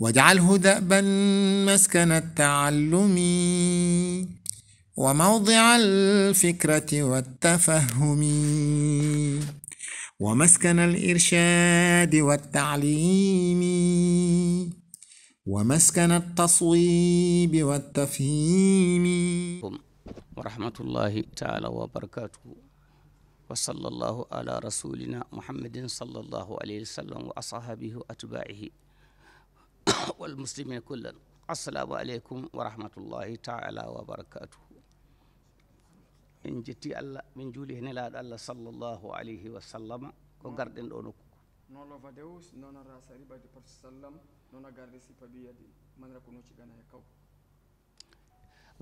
واجعله دأبا مسكن التعلم وموضع الفكرة والتفهم ومسكن الإرشاد والتعليم ومسكن التصويب والتفهيم ورحمة الله تعالى وبركاته وصلى الله على رسولنا محمد صلى الله عليه وسلم وأصحابه وأتباعه wal muslimina kullan assalaamu aleykum wa taala wa min jetti allah min juuli e nelaaɗo allah sallllahu alayhi wa ko garɗen ɗo nokku noon lovade o noon rasari ɓayde porte sallam noon a garde si pabiyadi manira ko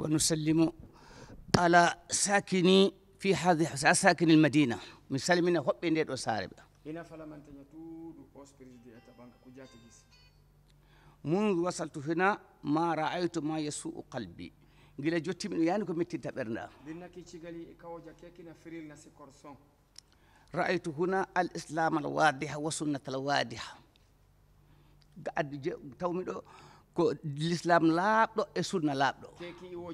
e ala sakini fi hadi sakini l mi salmina hoɓɓe nde ɗo saare ɓe mundu wasaltu hina ma ra'aytu ma yasu'u qalbi gila jottimi ɗum yani ko mettinta ɓernda linnaki ra'aytu huna al islam al wadiha wa sunnat al wadiha ga addi ko l'islam laaɓɗo e sunna laaɓɗo keki iwo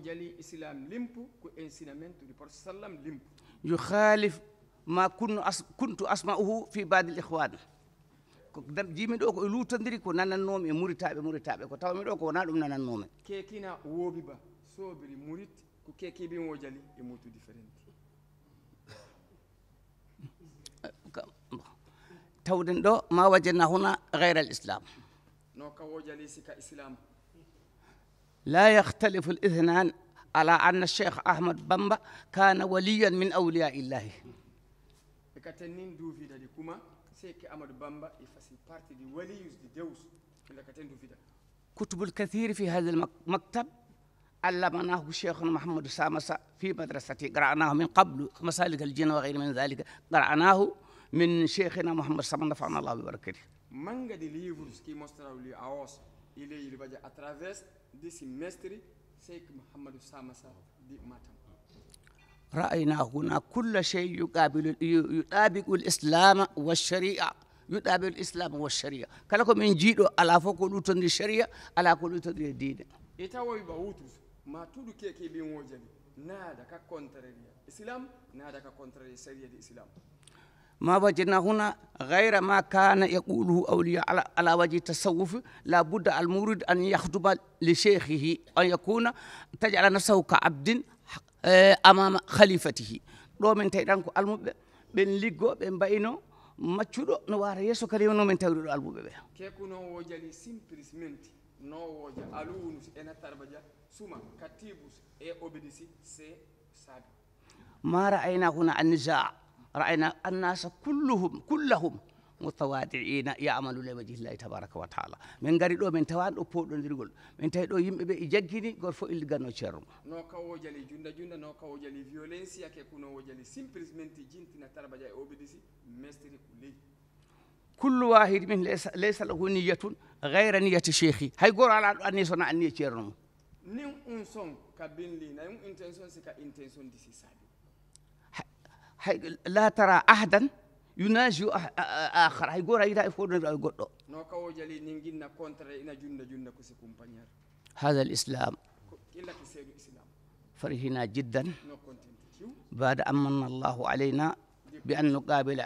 kuntu asma'uhu fi badi l ji miɗo ko e lutodiri ko nanannomi e muritaɓe muritaɓe ko tawa miɗo ko wona ɗum nanannomi kekina woobi ba sobiri murit ko kekibin wo jali e mutu différente tawden ɗo ma wajanna huna gayra al islam no kawo jali sika islam la yahtalifu l ithnan ala anna cheikh ahmad bamba kana waliyan min awliya illahi e katen nin duufidadi kuma سيك أمد بامبا يفسي بارتي دي وليوز دي ديوس كلا كتندو فيدا كتب الكثير في هذا المكتب علمناه شيخنا محمد سامسة في مدرستي قرأناه من قبل مسالك الجن وغير من ذلك قرأناه من شيخنا محمد سامسة نفعنا الله ببركته من قد ليفرز كي مستراو لي عواص إلي اللي بجا أترافيس دي سيمستري سيك محمد سامسة دي ماتم رأينا هنا كل شيء يقابل يطابق الإسلام والشريعة يطابق الإسلام والشريعة كلا من جيدو على فوق لوتن الشريعة على كل لوتن الدين إتاوي بوتوس ما تدو كيكي بين وجهي نادا ككونتريا إسلام نادا ككونتريا شريعة الإسلام ما وجدنا هنا غير ما كان يقوله أولياء على وجه التصوف لابد المورد أن يخطب لشيخه أن يكون تجعل نفسه كعبد Eh, amama khalifatihi ɗo min tawi ɗan ko almuɓe ɓen liggo ɓe mbayino maccuɗo no wara yesso kadi no min tawri ɗo almuɓe ɓe kekuno wojani simplismente nowoja aluunus ena tarbadia suma katibus e obédisi c'est sabi ma ra'ayna huna annasa kulluhum kullahum mutawadiina yamalu le wajihillahi tabaraka wa taala min ngari ɗo min tawani ɗo poɗodirgol min tawi ɗo yimɓe ɓe e jaggini goto fof illigatno ceerno no kawo jali junda junda no kawo jali violence yake kunowo jali jintina tarbadia e obédisi mestri ley kullu wahid min laysa lahu niyatun gayra niyati cheikhi hay goro ala ɗo anni sona anni e ceerno mum nin un son ka binlina un intention si ka intention disi sabi hay la tara yunaju ah, ah, ah, akhara hay goto ayiɗa e fof ɗo ni ginna contre ina islam illaki seedu islam farihina jiddan bada amanna allahu alayna bi an nuqabila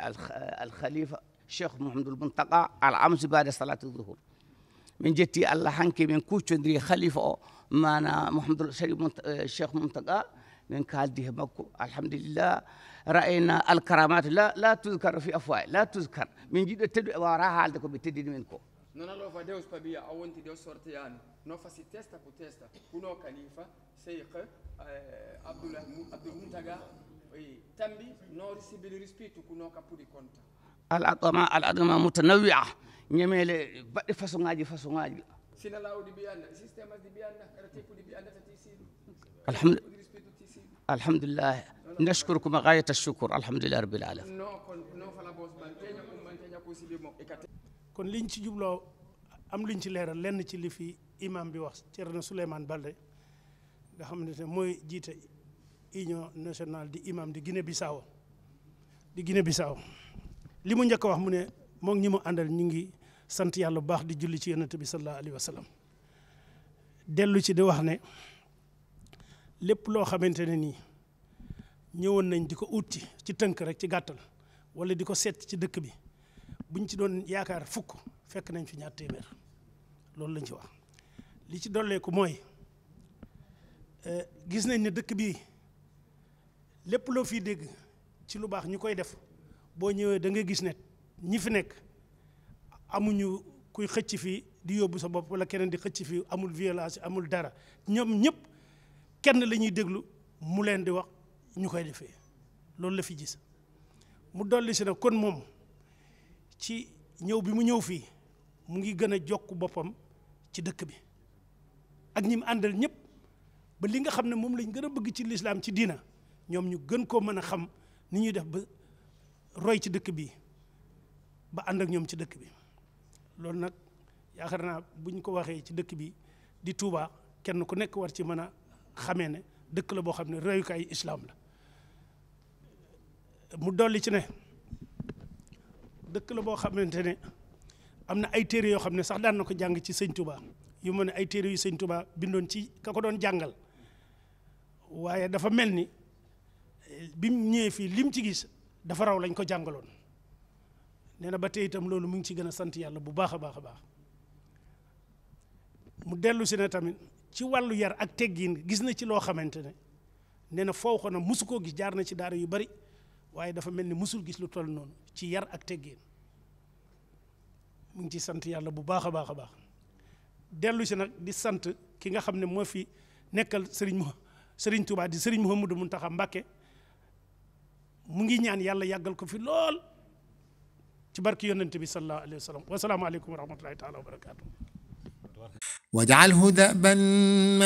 alkhalifa cheikh muntaqa al amsu bada eh, muntaqa min kaaldi he makko alhamdulillah ra'ayna alkaramat la la tuskar fi afwahi la tuskar min jiɗɗo teɗu e wawata haalde koɓe teddini min ko non alors va deus pabiya a wonti deus sorteyani no fasi testa ko testa huno kalifa cheikh abdoulah abdoulmuntaga tambi noori sibili rispitu kuno kappuɗi conta al aqama al aqama mutanawia ñamele baɗɗe façon ngaji façon ngaji sina lawdi mbiyanna systéme aji mbiyanna kara alhamdulillah nashkurukum ghayata shukur alhamdulillahi kon liñ ci jubloo am luñ ci leeral lenn ci li fi imam bi wax Thierno Souleymane Balde nga xam ne mooy jiite union national di imam di Guinée Bissau di Guinée Bissau li mu njëkk wax mu ne moom ñi mu àndal ñu ngi sant yàlla bu baax di julli ci yonent bi sallallahu alayhi wa dellu ci di wax ne lépp loo xamante ne nii ñëwoon nañ di ko utti ci tënk rek ci gàttal wala di ko seet ci dëkk bi buñ ci doon yaakaar fukk fekk nañ fi ñaar téeméer loolu lañ ci wax li ci dolleeku mooy euh, gis nañ ne dëkk bi lépp loo fiy dégg ci lu baax ñu koy def boo ñëwee da nga gis ne ñi fi nekk amuñu kuy xëcc fi di yóbbu sa bopp wala keneen di xëcc fi amul violence amul dara ñoom ñëpp kenn la ñuy déglu mu leen di wax ñu koy defee loolu la fi gis mu dolli si nag kon moom ci ñëw bi mu ñëw fii mu ngi gën a jokk boppam ci dëkk bi ak ñi mu àndal ñëpp ba li nga xam ne moom lañ gën a bëgg ci lislaam ci diina ñoom ñu gën koo mën a xam ni ñuy def ba roy ci dëkk bi ba ànd ak ñoom ci dëkk bi loolu nag yaakaar naa buñ ko waxee ci dëkk bi di Touba kenn ku nekk war ci mën a xamee ne dëkk la boo xam ne kay islam la mu dolli ci ne dëkk la boo xamante ne am na ay téere yoo xam ne sax daan na ko jàng ci sëñ Touba yu ma ne ay téere yu sëñ tubaa bindoon ci ka ko doon jàngal waaye dafa mel ni bi mu ñëwee fii lim ci gis dafa raw lañ ko jàngaloon nee na ba tey itam loolu mu ngi ci gën a sant yàlla bu baax a baax a baax mu dellu si ne tamit ci wàllu yar ak teggiin gis na ci loo xamante ne nee na foo ko na mosu koo gis jaar na ci daara yu bari waaye dafa mel ni mosul gis lu toll noonu ci yar ak teggiin mu ngi ci sant yàlla bu baax a baax a baax dellu si nag di sant ki nga xam ne moo fi nekkal sëriñ mu sëriñ Touba di sëriñ Mouhamadou Mountakha Mbacké mu ngi ñaan yàlla yàggal ko fi lool ci barki yonent bi sallallahu alayhi wa sallam wa salaamu aleykum wa rahmatullahi واجعله دأبا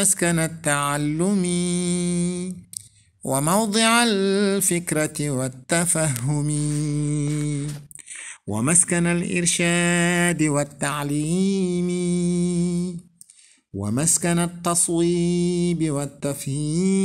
مسكن التعلم وموضع الفكرة والتفهم ومسكن الإرشاد والتعليم ومسكن التصويب والتفهيم